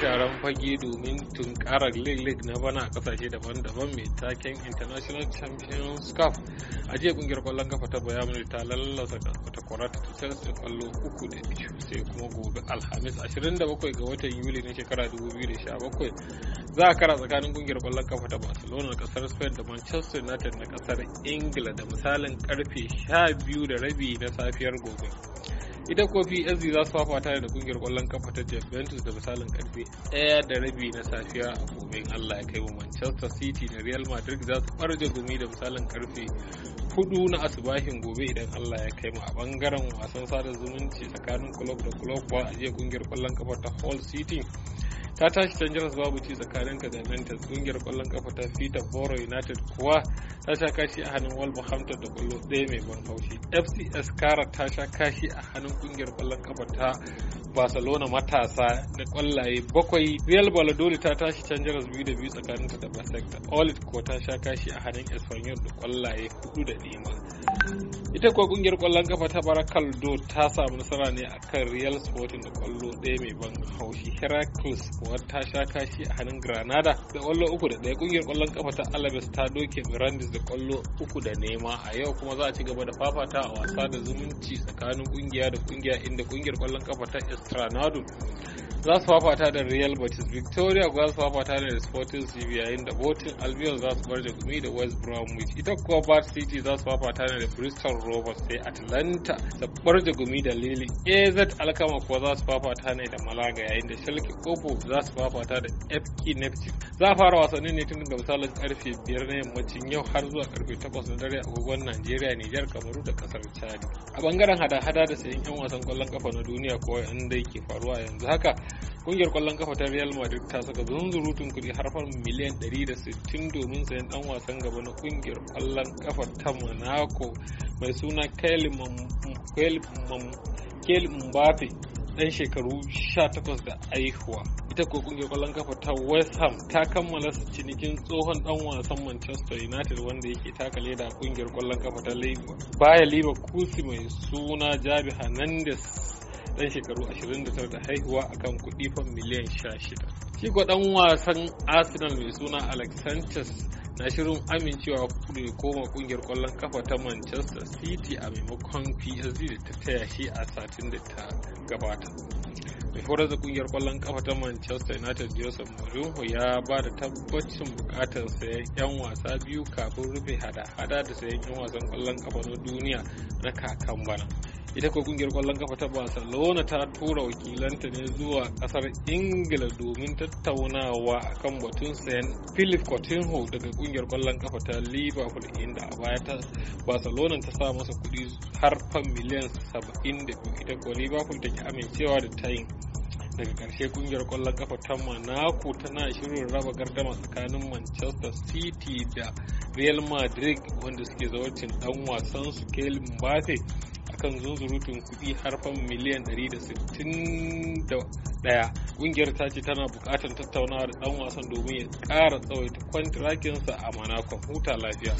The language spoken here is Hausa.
taron fage domin tunkarar league na bana a kasashe daban-daban mai taken international champions cup a jiya kungiyar kwallon kafa ta bayan ta lallasa ta kwara ta su kwallo uku da biyu sai kuma gobe alhamis 27 ga watan yuli na shekara 2017 za a kara tsakanin kungiyar kwallon kafa ta barcelona na kasar spain da manchester united na kasar ingila da misalin karfe 12 da rabi na safiyar gobe ita kofi sd za su tare da kungiyar kwallon kafa ta juventus da misalin karfe ɗaya da rabi na safiya a gobe allah ya kai manchester city da real madrid za su ɓarje gumi da misalin karfe hudu na asubahin gobe idan Allah ya kai mu a bangaren wasan sada zumunci tsakanin club da club ba a jiya kungiyar kwallon kafa ta hall City ta tashi canjaras babu ci tsakaninta da united kungiyar kwallon kafa ta Peter Boro United kuwa ta sha kashi a hannun Wolverhampton da kwallo ɗaya mai ban haushi FC Escara ta sha kashi a hannun kungiyar kwallon kafa ta Barcelona matasa da kwallaye bakwai Real Valladolid ta tashi canjaras biyu da biyu tsakanin ta da Barcelona Olit ko ta sha kashi a hannun Espanyol da kwallaye hudu da nema ita kuwa kungiyar kwallon kafa ta barakaldo ta samu nasara ne akan real sporting da kwallo ɗaya mai ban haushi heracles kuwa ta sha kashi a hannun granada da kwallo uku da ɗaya kungiyar kwallon kafa ta alabes ta doke mirandis da kwallo uku da nema a yau kuma za a ci gaba da fafata a wasa da zumunci tsakanin kungiya da kungiya inda kungiyar kwallon kafa ta estranado za su fafata da real betis victoria za su fafata da sporting cv yayin da botin albion za su bar gumi da west bromwich ita kuwa bath city za su fafata da bristol rovers sai atlanta da bar gumi da lili az alkama kuwa za su fafata ne da malaga yayin da shalke kofo za su fafata da fk neptune za a fara wasannin ne tun daga misalin karfe biyar na yammacin yau har zuwa karfe takwas na dare agogon najeriya Niger kamaru da kasar chad a bangaren hada-hada da sayan yan wasan kwallon kafa na duniya ko yan da ke faruwa yanzu haka kungiyar kwallon kafa ta real madrid ta saka zunzurutun kuɗi har ɗari miliyan 160 domin sayan dan wasan gaba na kungiyar kwallon kafa ta monaco mai suna kyle mbappe dan shekaru 18 da aihuwa ita ko kungiyar kwallon kafa ta west ham ta kammala su cinikin tsohon dan wasan manchester united wanda yake taka leda kungiyar kwallon kafa ta baya liba kusi mai suna jabi hernandez dan shekaru 29 da haihuwa akan kuɗi fan miliyan 16. Shi ko dan wasan Arsenal mai suna Alex Sanchez na shirin amincewa kuɗi koma kungiyar kwallon kafa ta Manchester City a maimakon PSG da ta taya shi a satin da ta gabata. mai horar da kungiyar kwallon kafa ta manchester united joseph mourinho ya ba da tabbacin bukatar sayan yan wasa biyu kafin rufe hada-hada da sayan yan wasan kwallon kafa na duniya na kakan bana ita ko kungiyar kwallon kafa ta barcelona ta tura wakilanta ne zuwa kasar ingila domin tattaunawa a kan batun sayan philip coutinho daga kungiyar kwallon kafa ta liverpool inda a baya ta barcelona ta sa masa kudi har fan miliyan 72 ita ko liverpool take amincewa da tayin daga karshe kungiyar kwallon kafa ta monaco tana shirin raba gardama tsakanin manchester city da real madrid wanda suke zawarcin dan wasan su kelly mbappe akan zunzurutun kuɗi harfan miliyan 161 kungiyar ta ce tana buƙatar tattaunawa da ɗan wasan domin ya kara tsawaita kwantirakinsa a manakon huta lafiya